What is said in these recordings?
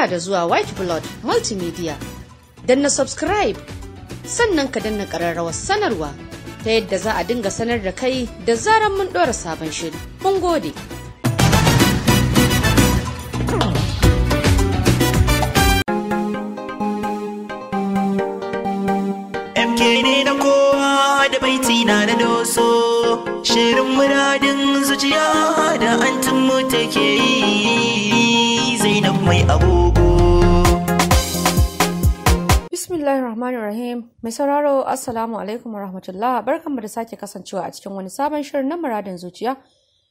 Barka da zuwa White Blood Multimedia. na subscribe sannan ka danna kararrawa sanarwa ta yadda za a dinga sanar da kai da zaran mun ɗora sabon shiri. Mun gode. na kowa da baiti na da shirin muradin zuciya da antin mu take yi. mai agogo. Bismillahir Rahmanir Rahim. Mai sauraro Assalamu alaikum warahmatullah. Barkanmu da sake kasancewa a cikin wani sabon shirin na muradin zuciya.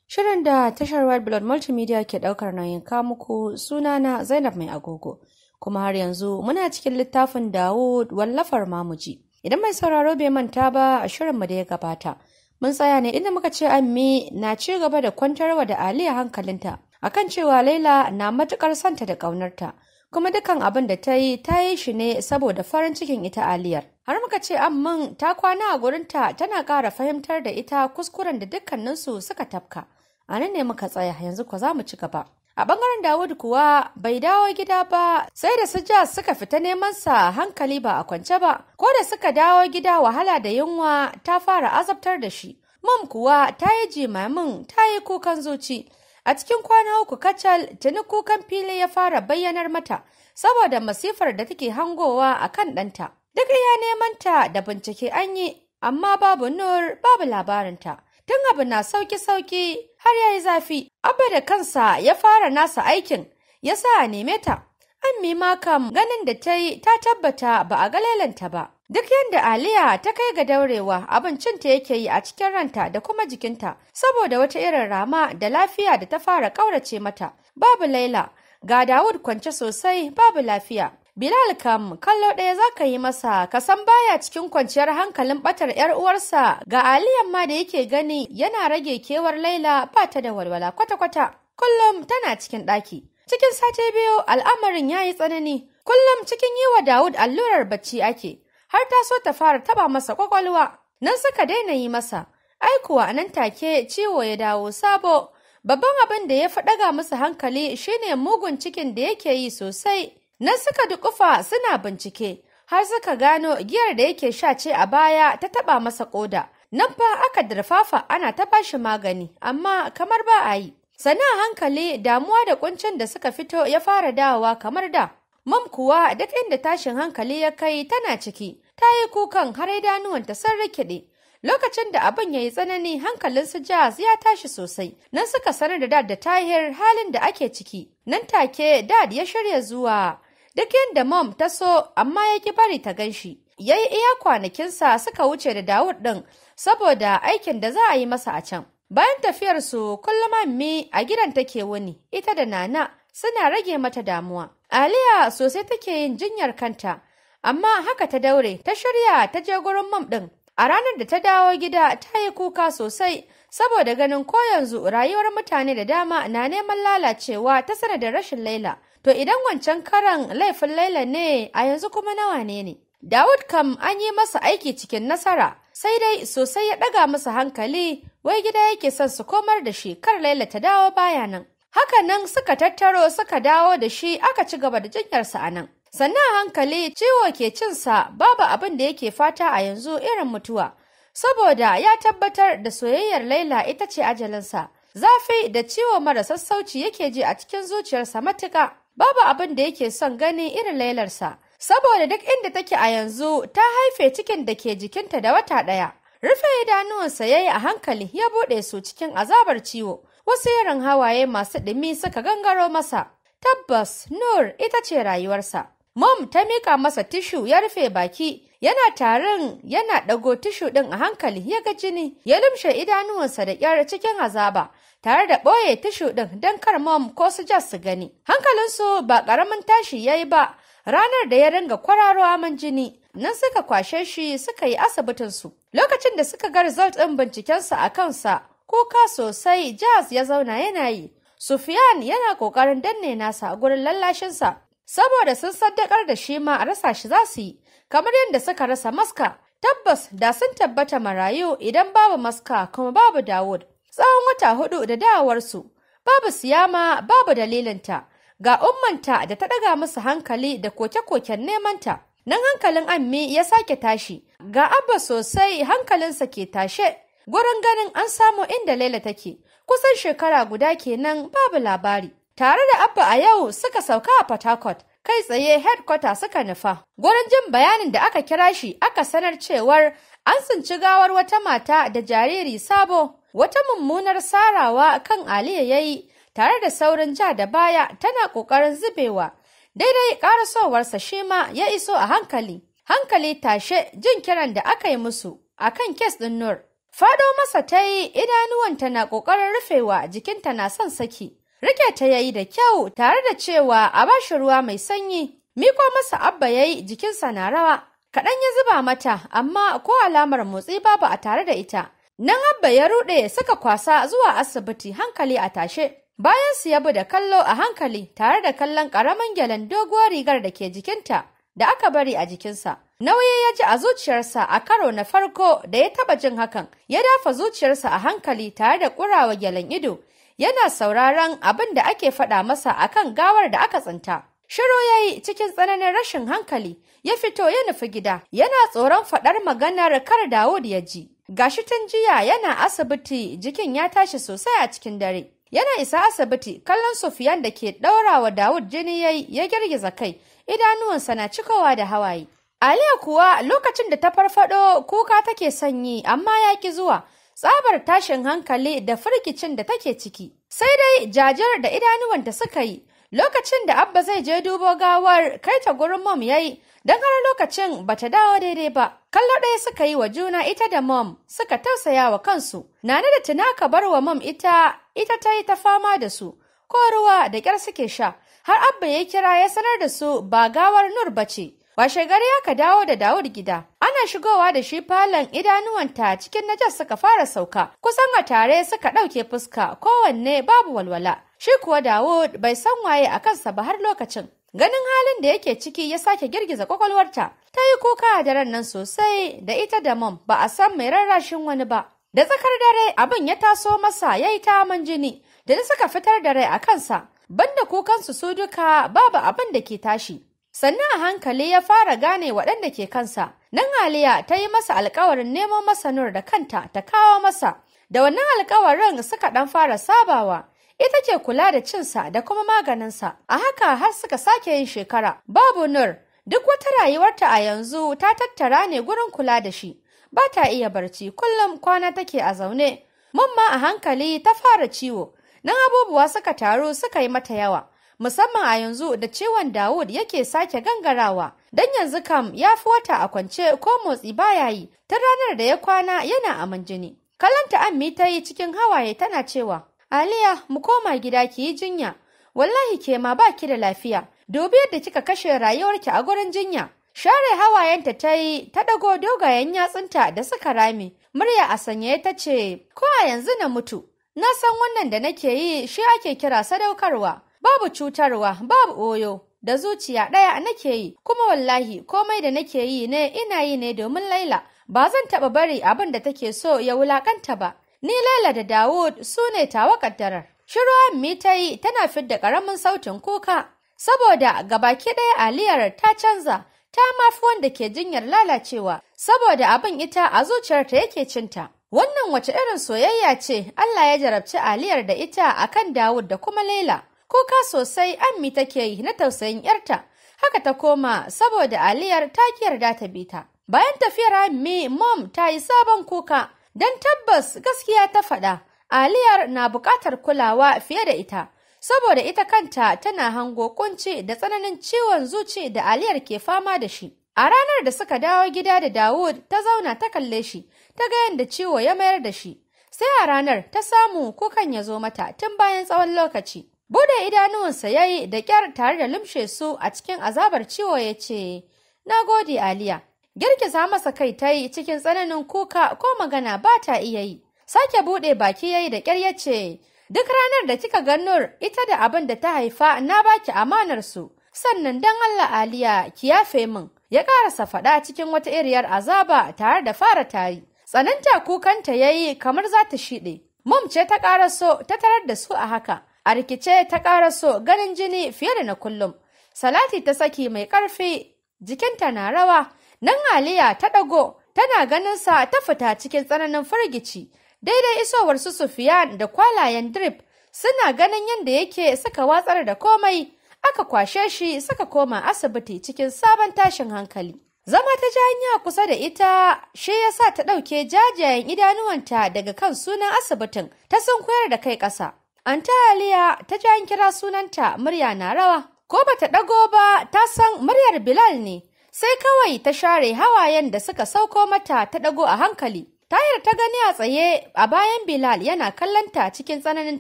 Shirin da tashar White Blood Multimedia ke daukar nauyin kamuku muku na Zainab Mai Agogo. Kuma har yanzu muna cikin littafin Dawud wallafar mamuji. Idan mai sauraro bai manta ba a shirinmu da ya gabata. Mun tsaya ne inda muka ce Ammi na ci gaba da kwantarwa da Ali a hankalinta akan cewa Laila na matukar santa da ƙaunarta. Kuma dukan abin da ta yi ta yi shi ne saboda farin cikin ita Aliyar. Har muka ce amman ta kwana a gurinta tana ƙara fahimtar da ita kuskuren da dukkaninsu suka tafka. A nan ne muka tsaya yanzu ko za mu ci gaba. A ɓangaren Dawud kuwa bai dawo gida ba sai da su Jas suka fita neman sa hankali ba a kwance ba, ko da suka dawo gida wahala da yunwa ta fara azabtar da shi. Mam kuwa ta yi jimamin ta yi kukan zuci, A cikin kwana uku kacal tuni kukan fili ya fara bayyanar mata saboda masifar da take hangowa a kan ɗanta. Duk iya neman ta da bincike an yi amma babu nur babu labarinta. Tun abu na sauki-sauki har ya yi zafi. Abba da kansa ya fara nasa aikin ya sa a neme ta. An ma kam ganin da ta yi ta tabbata ba a galelanta ba. Duk yadda Aliya ta kai ga daurewa abincin ta yake yi a cikin ranta da kuma jikinta saboda wata irin rama da lafiya da ta fara ƙaurace mata. Babu Laila, ga Dawud kwance sosai babu lafiya. Bilal kam kallo ɗaya za ka yi masa ka san baya cikin kwanciyar hankalin ɓatar ‘yar uwarsa ga aliyan ma da yake gani yana rage kewar Laila ba ta da walwala kwata-kwata. Kullum tana cikin ɗaki. Cikin sati biyu al'amarin ya yi tsanani. Kullum cikin yi wa Dawud allurar bacci ake. har ta so ta fara taba masa kwakwalwa. Nan suka daina yi masa, ai kuwa nan take ciwo ya dawo sabo. Babban abin da ya fi ɗaga masa hankali shine mugun cikin da yake yi sosai. Nan suka dukufa suna bincike, har suka gano giyar da yake sha ce a baya ta taba masa ƙoda. Nan fa aka dirfafa ana ta bashi magani, amma kamar ba a yi. Sana hankali damuwa da kuncin da suka fito ya fara dawowa kamar da. Mam kuwa duk inda tashin hankali ya kai tana ciki, ta yi kukan har idanuwanta sun rikide. Lokacin da abin ya yi tsanani hankalin su Jazz ya tashi sosai, nan suka sanar da Dad da Tahir halin da ake ciki. Nan take Dad ya shirya zuwa. Duk yadda Mom ta so amma ya ki bari ta gan shi. Ya yi iya kwanakinsa suka wuce da Dawud ɗin saboda aikin da za a yi masa a can. Bayan tafiyarsu kullum Ammi a gidan take wuni, ita da Nana suna rage mata damuwa. Aliya sosai take yin jinyar kanta, amma haka ta daure, ta shirya ta je gurin mam ɗin. A ranar da ta dawo gida ta yi kuka sosai, saboda ganin ko yanzu rayuwar mutane da dama na neman lalacewa ta sanadin rashin Laila. To idan wancan karan laifin Laila ne a yanzu kuma nawa ne ne? Dawud kam an yi masa aiki cikin nasara, sai dai sosai ya ɗaga masa hankali, wai gida yake son su komar da shi kar Laila ta dawo baya nan. Hakanan suka tattaro suka dawo da shi aka ci gaba da jinyarsa a nan. Sannan hankali ciwo ke cinsa babu abin da yake fata a yanzu irin mutuwa, saboda ya tabbatar da soyayyar Laila ita ce ajalinsa. Zafi da ciwo mara sassauci yake ji a cikin zuciyarsa matuka, babu abin da yake son gani irin Lailarsa. Saboda duk inda take a yanzu ta haife cikin da ke jikinta da wata ɗaya. Rufe idanuwansa ya yi a hankali ya buɗe su cikin azabar ciwo. wasu yaran hawaye masu ɗumi suka gangaro masa. Tabbas Nur ita ce rayuwarsa. Mom ta mika masa tishu ya rufe baki, yana tarin yana ɗago tishu ɗin a hankali ya ga jini, ya lumshe idanuwansa da ƙyar cikin azaba, tare da ɓoye tishu ɗin don kar mom ko su ja su gani. Hankalinsu ba ƙaramin tashi ya yi ba, ranar da ya ringa kwararo aman jini nan suka kwashe shi suka yi asibitinsu lokacin da suka ga result ɗin bincikensa a kansa kuka sosai jaz ya zauna yana yi sufiyan yana kokarin danne nasa a gurin lallashinsa saboda sun saddakar da shi ma a rasa shi za su yi kamar yadda suka rasa maska tabbas da sun tabbata marayu idan babu maska kuma babu dawud tsawon wata hudu da dawarsu babu siyama babu dalilinta ga ummanta da ta daga musu hankali da koke-koken nemanta nan hankalin ammi ya sake tashi ga abba sosai hankalinsa ke tashe gurin ganin an samu inda Laila take. Kusan shekara guda kenan babu labari. Tare da Abba a yau suka sauka a Port Harcourt, kai tsaye headquarter suka nufa. Gurin jin bayanin da aka kira shi aka sanar cewar an tsinci gawar wata mata da jariri sabo. Wata mummunar sarawa kan Aliya ya yi tare da saurin ja da baya tana ƙoƙarin zubewa. Daidai ƙarasowarsa shi ma ya iso a hankali. Hankali tashe jin kiran da aka yi musu akan kes ɗin Nur. Faɗo masa ta yi idanuwanta na ƙoƙarin rufewa jikinta na son saki. Rike ta yayi da kyau tare da cewa a bashi ruwa mai sanyi. Miko masa abba ya yi jikinsa na rawa. Kaɗan ya zuba mata amma ko alamar motsi babu a tare da ita. Nan abba ya ruɗe suka kwasa zuwa asibiti hankali a tashe. Bayan su yabu da kallo a hankali tare da kallon ƙaramin gyalen doguwar rigar da ke jikinta da aka bari a jikinsa. Nauyi ya ji a zuciyarsa a karo na farko da ya taba jin hakan, ya dafa zuciyarsa a hankali tare da kurawa gyalen ido, yana sauraron abin da ake faɗa masa a kan gawar da aka tsinta. Shiro ya yi cikin tsananin rashin hankali, ya fito ya nufi gida, yana tsoron faɗar maganar kar Dawud ya ji. Gashi tun jiya yana asibiti jikin ya tashi sosai a cikin dare. Yana isa asibiti, kallon Sufiyan da ke ɗaura wa Dawud jini ya yi ya girgiza kai, idanuwansa na cikowa da hawaye. Aliya kuwa lokacin da ta farfado kuka take sanyi amma ya ki zuwa tsabar tashin hankali da firkicin da take ciki. Sai dai jajar da idanuwanta suka yi lokacin da abba zai je dubo gawar kai ta gurin mom yi, don har lokacin ba ta dawo daidai ba. Kallo ɗaya suka yi wa juna ita da mom suka tausaya wa kansu. Nana da Tinaka bar wa mom ita ita ta yi ta fama da su ko ruwa da ƙyar suke sha har abba ya kira ya sanar da su ba gawar nur ba ce Washe gari ka dawo da Dawud gida. Ana shigowa da shi falon idanuwanta cikin najas suka fara sauka. Kusan a tare suka ɗauke fuska kowanne babu walwala. Shi kuwa Dawud bai san waye a kansa ba har lokacin. Ganin halin da yake ciki ya sake girgiza kwakwalwarta. Ta yi kuka a daren nan sosai da ita da mom ba a san mai rarrashin wani ba. Da tsakar dare abin ya taso masa ya yi ta aman jini da da suka fitar da rai a kansa. Banda kukansu su duka babu abin da ke tashi. sannan a hankali ya fara gane waɗanda ke kansa. Nan Aliya ta yi masa alkawarin nemo masa nur da kanta ta kawo masa. Da wannan alkawarin suka ɗan fara sabawa. Ita ce kula da cinsa da kuma maganinsa, a haka har suka sake yin shekara. Babu nur, duk wata rayuwarta a yanzu ta tattara ne gurin kula da shi. Ba ta iya barci, kullum kwana take a zaune. Mun a hankali ta fara ciwo, nan abubuwa suka taru suka yi mata yawa. musamman a yanzu da ciwon Dawud yake sake gangarawa. Dan yanzu kam ya fi wata a kwance ko motsi baya yi, ta ranar da ya kwana yana aman jini. Kalanta Ammi ta yi cikin hawaye tana cewa, Aliya, mu koma gida ki yi jinya, wallahi ke ma ba ki da lafiya, dubi yadda kika kashe rayuwarki a gurin jinya. Share hawayenta ta yi ta dago dogayen yatsunta da suka rami. murya a sanye ta ce, Ko a yanzu na mutu, na san wannan da nake yi shi ake kira sadaukarwa, babu cutarwa babu oyo da zuciya ɗaya nake yi kuma wallahi komai da nake yi ne ina yi ne domin laila ba zan taɓa bari abin da take so ya wulaƙanta ba ni laila da dawud su ne tawa ƙaddarar shiruwan mi ta yi tana fidda ƙaramin sautin kuka saboda gabaki ɗaya aliyar ta canza ta mafi wanda ke jinyar lalacewa saboda abin ita a zuciyarta yake cinta wannan wace irin soyayya ce Allah ya jarabci aliyar da ita akan Dawud da kuma Laila kuka sosai ammi take yi na tausayin yarta haka ta koma saboda aliyar ta yarda ta bi ta bayan tafiyar ammi mom ta yi sabon kuka don tabbas gaskiya ta faɗa aliyar na buƙatar kulawa fiye da ita saboda ita kanta tana hango kunci da tsananin ciwon zuci da aliyar ke fama da shi A ranar da suka dawo gida da Dawud ta zauna ta kalle shi, ta ga yadda ciwo ya mayar da shi. Sai a ranar ta samu kukan ya zo mata tun bayan tsawon lokaci. Bude idanuwansa ya yi da kyar tare da lumshe su a cikin azabar ciwo ya ce, Na gode Aliya, girgiza masa kai ta yi cikin tsananin kuka ko magana ba ta iya yi. Sake buɗe baki ya yi da kyar ya ce, Duk ranar da kika ga Nur ita da abin da ta haifa na baki amanar su, sannan don Allah Aliya ki yafe min. Ya ƙarasa faɗa cikin wata iriyar azaba tare da fara tari. Tsananta kukanta ya yi kamar za ta shiɗe. mum ce ta ƙaraso ta tarar da su a haka. a rikice ta ƙara so ganin jini fiye da na kullum salati ta saki mai ƙarfi jikinta na rawa nan aliya ta ɗago tana ganin sa ta fita cikin tsananin firgici daidai isowar su sufiyan da kwalayen drip suna ganin yadda yake suka watsar da komai aka kwashe shi suka koma asibiti cikin sabon tashin hankali zama ta ji kusa da ita shi ya sa ta ɗauke jajayen idanuwanta daga kan sunan asibitin ta sun koyar da kai ƙasa ta Aliya ta ja in kira sunanta murya na rawa, ko bata ɗago ba ta san muryar Bilal ne, sai kawai ta share hawayen da suka sauko mata ta ɗago a hankali. Tayar ta gani a tsaye a bayan Bilal yana kallanta cikin tsananin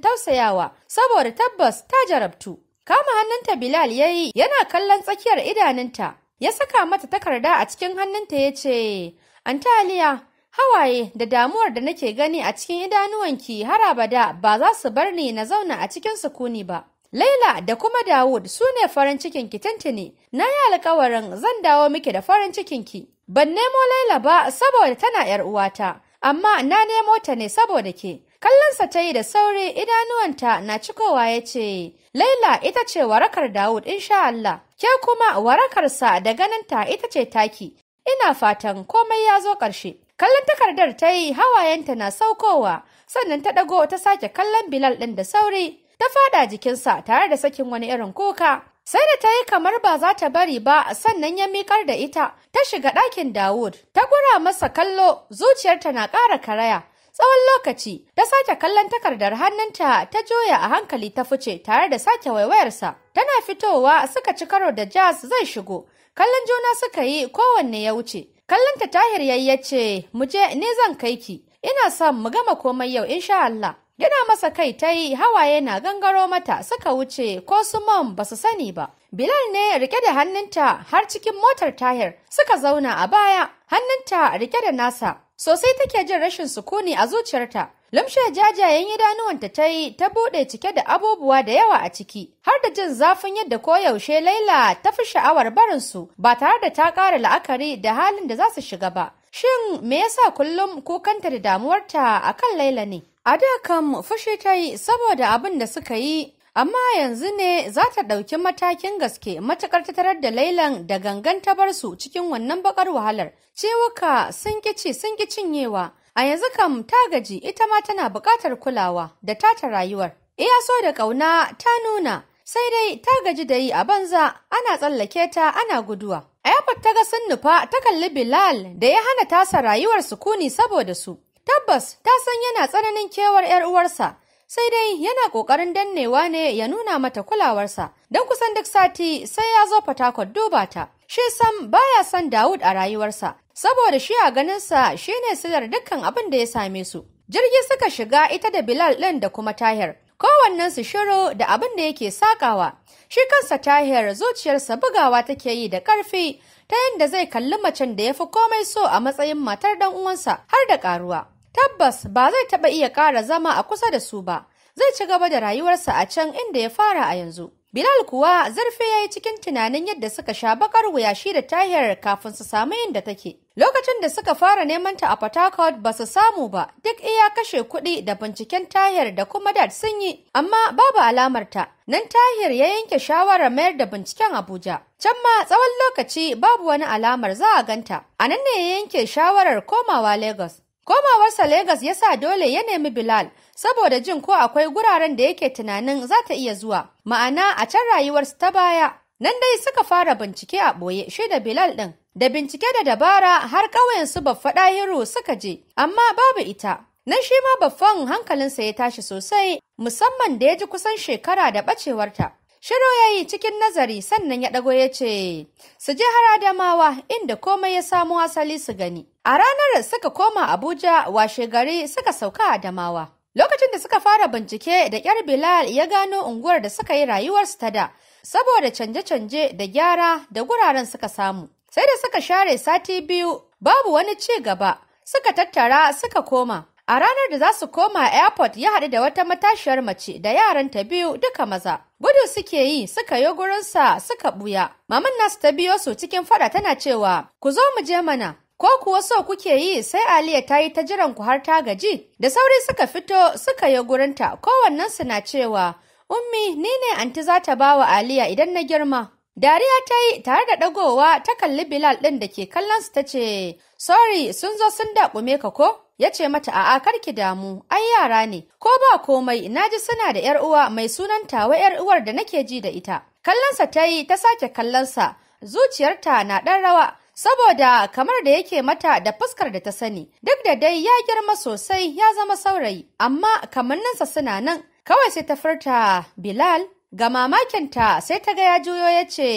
tausayawa saboda tabbas ta jarabtu. Kama hannunta Bilal ya yi yana kallon tsakiyar idanunta, ya saka mata takarda a cikin hannunta ya ce, an Aliya, Hawaye da damuwar da nake gani a cikin idanuwanki har abada ba za su bar ni na zauna a cikin sukuni ba. Laila da kuma Dawud su ne farin cikin ki Na yi alkawarin zan dawo miki da farin cikin ki. Ban nemo Laila ba saboda tana ‘yar uwata, amma na nemo ta ne saboda ke. Kallonsa ta yi da sauri idanuwanta na cikowa ya ce, Laila ita ce warakar Dawud insha Allah, ke kuma warakarsa da ganinta ita ce taki, ina fatan komai ya zo ƙarshe. Kallon takardar ta yi hawayenta na saukowa, sannan ta ɗago ta sake kallon Bilal ɗin da sauri, ta faɗa jikinsa tare da sakin wani irin kuka. Sai da ta yi kamar ba za ta bari ba sannan ya miƙar da ita, ta shiga ɗakin Dawud, ta gura masa kallo zuciyarta na ƙara karaya. Tsawon lokaci, ta sake kallon takardar hannunta ta juya a hankali ta fice tare da sake waiwayarsa. Tana fitowa suka ci karo da jazz zai shigo, kallon juna suka yi kowanne ya wuce. Kallon ta tahir yayi ya ce, mu je ni zan kai ki, ina son mu gama komai yau insha Allah. Gina masa kai ta yi hawaye na gangaro mata suka wuce ko su mom ba su sani ba. Bilal ne rike da hannunta har cikin motar tahir suka zauna a baya hannunta rike da nasa. Sosai take jin rashin sukuni a zuciyarta Lamshe jajayen idanuwanta ta yi ta buɗe cike da abubuwa da yawa a ciki, har da jin zafin yadda koyaushe Laila ta fi sha'awar barinsu ba tare da ta ƙara la'akari da halin da za su shiga ba. Shin me yasa kullum kukanta da damuwarta a kan Laila ne? A da kan fushi ta saboda abin da suka yi amma yanzu ne za ta ɗauki matakin gaske matuƙar ta tarar da lailan da gangan ta bar su cikin wannan baƙar wahalar ciwuka sun ƙici sun ƙi cinyewa A yanzu kam ta gaji ita ma tana buƙatar kulawa da tata rayuwar. Iya so da ƙauna ta nuna, sai dai ta gaji da yi a banza ana tsallake ta ana guduwa. Airport ta ga sun nufa ta kalli Bilal da ya hana tasa rayuwar sukuni saboda su. Tabbas ta san yana tsananin kewar 'yar uwarsa, sai dai yana ƙoƙarin dannewa ne ya nuna mata kulawarsa, don kusan duk sati sai ya zo Fatakwal duba ta. Shi sam baya son Dawud a rayuwarsa, saboda shi a ganinsa shi ne silar dukkan abin da ya same su. Jirgi suka shiga ita da Bilal ɗin da kuma Tahir. Kowannensu shiru da abin da yake sakawa. Shi kansa Tahir zuciyarsa bugawa take yi da ƙarfi ta yadda zai kalli macen da ya fi komai so a matsayin matar ɗan uwansa har da ƙaruwa. Tabbas ba zai taɓa iya ƙara zama a kusa da su ba. Zai ci gaba da rayuwarsa a can inda ya fara a yanzu. Bilal kuwa zarfe ya yi cikin tunanin yadda suka sha bakar wuya shi da tahiyar kafin su samu yadda take. Lokacin da suka fara neman ta a Port ba su samu ba, duk iya kashe kuɗi da binciken tahir da kuma dat sun yi, amma babu alamar ta. Nan tahir ya yanke shawarar mayar da binciken Abuja. Can ma tsawon lokaci babu wani alamar za a ganta. A nan ne ya yanke shawarar komawa Lagos. Komawarsa Legas ya sa dole ya nemi Bilal saboda jin ko akwai guraren da yake tunanin za ta iya zuwa, ma'ana a can rayuwarsu ta baya. Nan dai suka fara bincike a ɓoye shi da Bilal ɗin, da bincike da dabara har ƙauyen su Baffa Ɗahiru suka je, amma babu ita. Nan shi ma Baffan hankalinsa ya tashi sosai, musamman da ya ji kusan shekara da ɓacewarta. Shiru ya yi cikin nazari sannan ya ɗago ya ce, Su je har Adamawa inda komai ya samo asali su gani. A ranar suka koma Abuja washe gari suka sauka Adamawa. Lokacin da suka fara bincike da ƙyar Bilal ya gano unguwar da suka yi rayuwarsu ta da, saboda canje-canje da gyara da guraren suka samu. Sai da suka share sati biyu babu wani ci gaba, suka tattara suka koma. A ranar da za su koma airport ya haɗu da wata matashiyar mace da yaran ta biyu duka maza. Gudu suke yi suka yi gurinsa suka ɓuya. Maman nasu ta biyo su cikin fada tana cewa, Ku zo mu je mana, ko kuwa so kuke yi sai Aliya ta yi ta jiran ku har ta gaji. Da sauri suka fito suka yi gurinta kowannensu na cewa, Ummi ni ne anti za ta bawa Aliya idan na girma. Dariya ta yi tare da ɗagowa ta kalli Bilal ɗin da ke kallon su ta ce, sorry sun zo sun daƙume ka ko ya ce mata a'a kar ki damu ai yara ne ko ba komai naji suna da yar uwa mai sunan tawa yar uwar da nake ji da ita kallonsa ta yi ta sake kallonsa zuciyarta na ɗan rawa saboda kamar da yake mata da fuskar da ta sani duk da dai ya girma sosai ya zama saurayi amma kamanninsa suna nan kawai sai ta furta bilal ga mamakinta sai ta ga ya juyo ya ce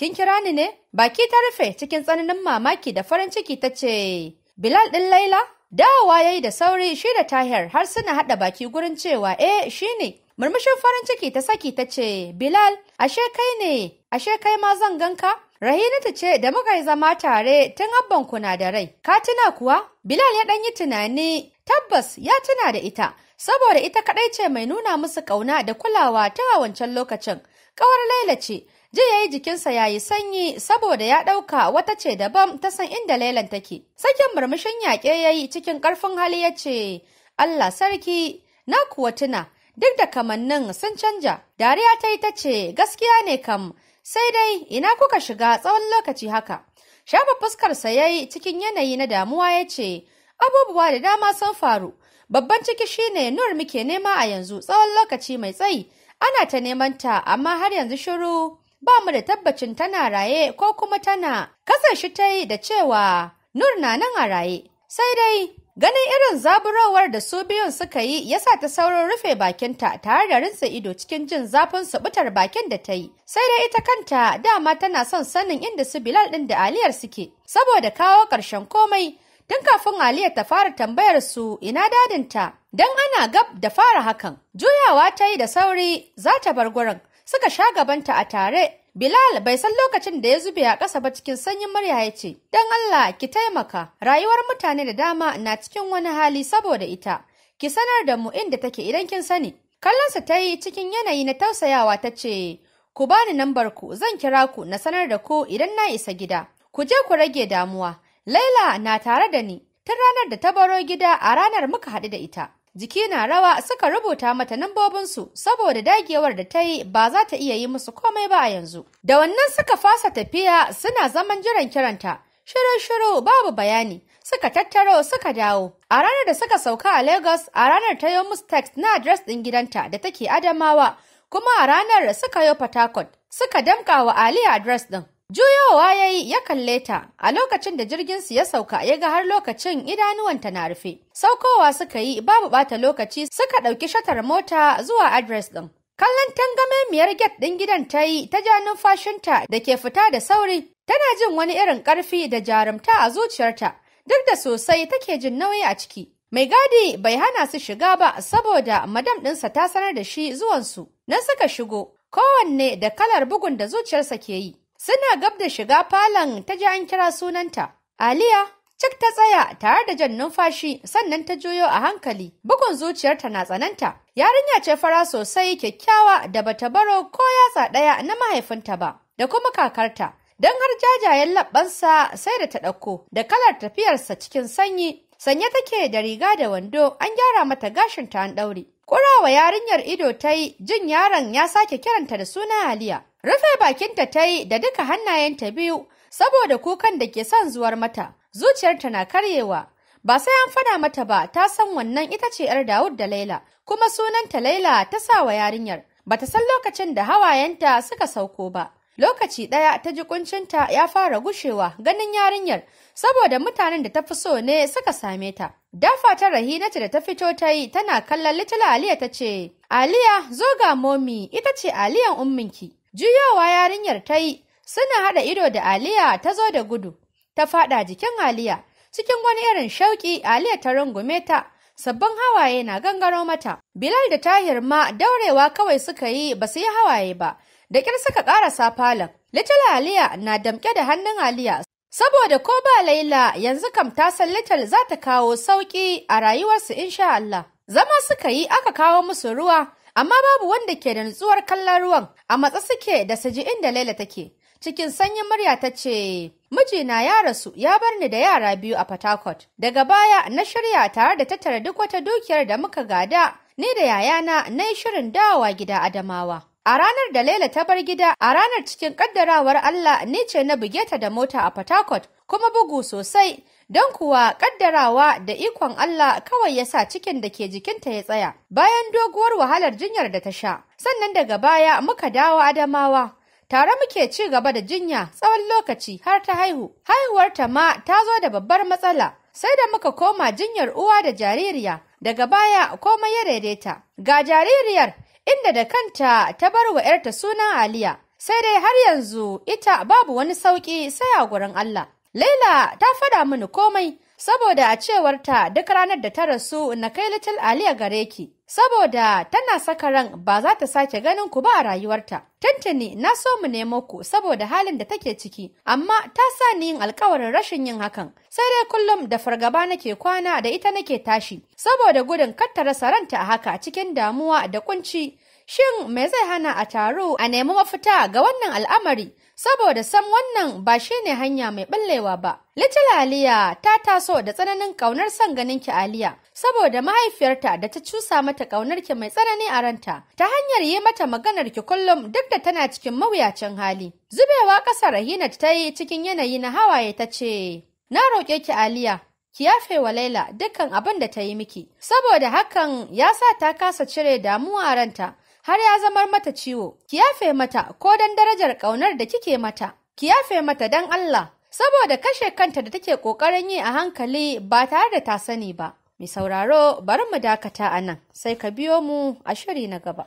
Kin kira ni ne? Baki ta rufe cikin tsananin mamaki da farin ciki ta ce, Bilal ɗin Laila? Dawowa ya yi da sauri shi da Tahir har suna haɗa baki gurin cewa eh shi ne. Murmushin farin ciki ta saki ta ce, Bilal, ashe kai ne, ashe kai ma zan ganka? Rahinatu ce da muka yi zama tare tun abban kuna da rai. Ka tuna kuwa? Bilal ya ɗan yi tunani, tabbas ya tuna da ita, saboda ita kaɗai ce mai nuna musu ƙauna da kulawa ta wancan lokacin. Ƙawar Laila ce, Ji yi jikinsa ya yi sanyi saboda ya ɗauka wata ce daban ta san inda Lailan take. Sakin murmushin yaƙe ya yi cikin ƙarfin hali ya ce, Allah sarki, na kuwa tuna, duk da kamannin sun canja. Dariya ta yi ta ce, gaskiya ne kam, sai dai ina kuka shiga tsawon lokaci haka. Shafa fuskarsa ya yi cikin yanayi na damuwa ya ce, abubuwa da dama sun faru, babban ciki shine nur muke nema a yanzu tsawon lokaci mai tsayi, ana ta neman ta amma har yanzu shiru. ba mu da tabbacin tana raye ko kuma tana kasashe shi ta yi da cewa nur na nan a raye sai dai ganin irin zaburowar da su biyun suka yi ya sa ta sauran rufe bakinta tare da rinsa ido cikin jin zafin su butar bakin da ta yi sai dai ita kanta dama tana son sanin inda su bilal ɗin da aliyar suke saboda kawo ƙarshen komai tun kafin Aliya ta fara tambayar su ina dadinta, don ana gab da fara hakan. Juyawa ta yi da sauri za ta bar gurin, suka sha gabanta a tare. Bilal bai san lokacin da ya zube a ƙasa ba cikin sanyin murya ya ce, Don Allah ki taimaka, rayuwar mutane da dama na cikin wani hali saboda ita, ki sanar da mu inda take idan kin sani. Kallonsa ta yi cikin yanayi na tausayawa ta ce, Ku bani nambar ku, zan kira ku na sanar da ku idan na isa gida. Ku je ku rage damuwa. Laila na tare da ni, tun ranar da ta baro gida a ranar muka haɗu da ita. Jiki na rawa suka rubuta mata nambobinsu saboda dagewar da ta yi ba za ta iya yi musu komai ba a yanzu. Da wannan suka fasa tafiya suna zaman jiran kiranta. Shiru-shiru babu bayani suka tattaro suka dawo. A ranar da suka sauka a Lagos a ranar ta yi musu text na adres ɗin gidanta da take Adamawa kuma a ranar suka yi Port Harcourt suka damƙa wa Ali adres ɗin. Juyowa ya yi ya kalle ta a lokacin da jirgin su ya sauka ya ga har lokacin idanuwanta na rufe. Saukowa suka yi babu bata lokaci suka ɗauki shatar mota zuwa adres ɗin. Kallon tangamemiyar get ɗin gidan ta yi ta ja numfashinta da ke fita da sauri, tana jin wani irin ƙarfi da jarumta a zuciyarta, duk da sosai take jin nauyi a ciki. Mai gadi bai hana su shiga ba saboda madam ɗinsa ta sanar da shi zuwansu, nan suka shigo, kowanne da kalar bugun da zuciyarsa ke yi. Suna gab da shiga falon ta ji an kira sunanta. Aliya, cik ta tsaya tare da jan numfashi sannan ta juyo a hankali. Bugun zuciyarta na tsananta. Yarinya ce fara sosai kyakkyawa da bata baro ko yatsa ɗaya na mahaifinta ba. Da kuma kakarta, don har jajayen labbansa sai da ta ɗauko da kalar tafiyarsa cikin sanyi sanye take da riga da wando an gyara mata gashin ta an ɗaure ƙurawa yarinyar ido ta yi jin yaron ya sake kiranta da suna Aliya rufe bakinta ta yi da duka hannayenta biyu saboda kukan da ke son zuwar mata zuciyarta na karyewa ba sai an fada mata ba ta san wannan ita ce yar Dawud da Laila kuma sunanta Laila ta sa wa yarinyar bata san lokacin da hawayenta suka sauko ba lokaci ɗaya ta ji kuncinta ya fara gushewa ganin yarinyar saboda mutanen da ta fi so ne suka same ta. Dafa ta rahinata da ta fito ta yi tana kallon Little Aliya ta ce, Aliya zo ga momi ita ce Aliyan umminki. Juyowa yarinyar ta yi suna haɗa ido da Aliya ta zo da gudu. Ta faɗa jikin Aliya cikin wani irin shauƙi Aliya ta rungume ta sabbin hawaye na gangaro mata. Bilal da Tahir ma daurewa kawai suka yi ba su yi hawaye ba, da ƙyar suka ƙarasa falon. Little Aliya na damƙe da hannun Aliya saboda ko ba Laila yanzu kam ta san Little za ta kawo sauƙi a rayuwarsu insha Allah. Zama suka yi aka kawo musu ruwa amma babu wanda ke da nutsuwar kallon ruwan a matsa suke da su ji inda Laila take. Cikin sanyin murya ta ce, Mijina ya rasu ya bar ni da yara biyu a Fatakot. Daga baya na shirya tare da tattara duk wata dukiyar da muka gada, ni da yayana na yi shirin dawowa gida Adamawa. A ranar da Laila ta bar gida, a ranar cikin kaddarawar Allah ni ce na buge ta da mota a Fatakot, kuma bugu sosai, don kuwa kaddarawa da ikon Allah kawai ya sa cikin da ke jikinta ya tsaya. Bayan doguwar wahalar jinyar da ta sha, sannan daga baya muka dawo Adamawa. Tare muke ci gaba da jinya tsawon lokaci har ta haihu. Haihuwarta ma ta zo da babbar matsala, sai da muka koma jinyar uwa da jaririya. Daga baya komai ya daidaita. Ga jaririyar inda da kanta ta bar wa ‘yarta sunan Aliya, sai dai har yanzu ita babu wani sauƙi sai a gurin Allah. Laila ta faɗa mini komai, saboda a cewarta duk ranar da ta rasu na kai little Ali a gare ki, saboda tana saka ran ba za ta sake ganin ku ba a rayuwarta. Tuntuni na so mu nemo ku saboda halin da take ciki, amma ta sa ni yin alkawarin rashin yin hakan. Sai dai kullum da fargaba nake kwana da ita nake tashi, saboda gudun kar ta rasa ranta a haka cikin damuwa da kunci. Shin me zai hana a taro a nemi mafita ga wannan al'amari? saboda sam wannan ba shi ne hanya mai ɓallewa ba. Little Aliya ta taso da tsananin ƙaunar son ganin ki Aliya, saboda mahaifiyarta da ta cusa mata ƙaunar ki mai tsanani a ranta, ta hanyar yi mata maganar ki kullum duk da tana cikin mawuyacin hali. Zubewa ƙasa Rahina ta yi cikin yanayi na hawaye ta ce, Na roƙe ki Aliya, ki yafe wa Laila dukkan abin da ta yi miki, saboda hakan ya sa ta kasa cire damuwa a ranta, har ya zamar mata ciwo ki yafe mata ko don darajar ƙaunar da kike mata ki yafe mata don Allah saboda kashe kanta da take ƙoƙarin yi a hankali ba tare da ta sani ba mi sauraro bari mu dakata a nan sai ka biyo mu a shiri na gaba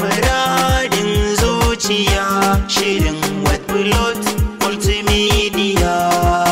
Muradin zuciya shirin wet multimedia.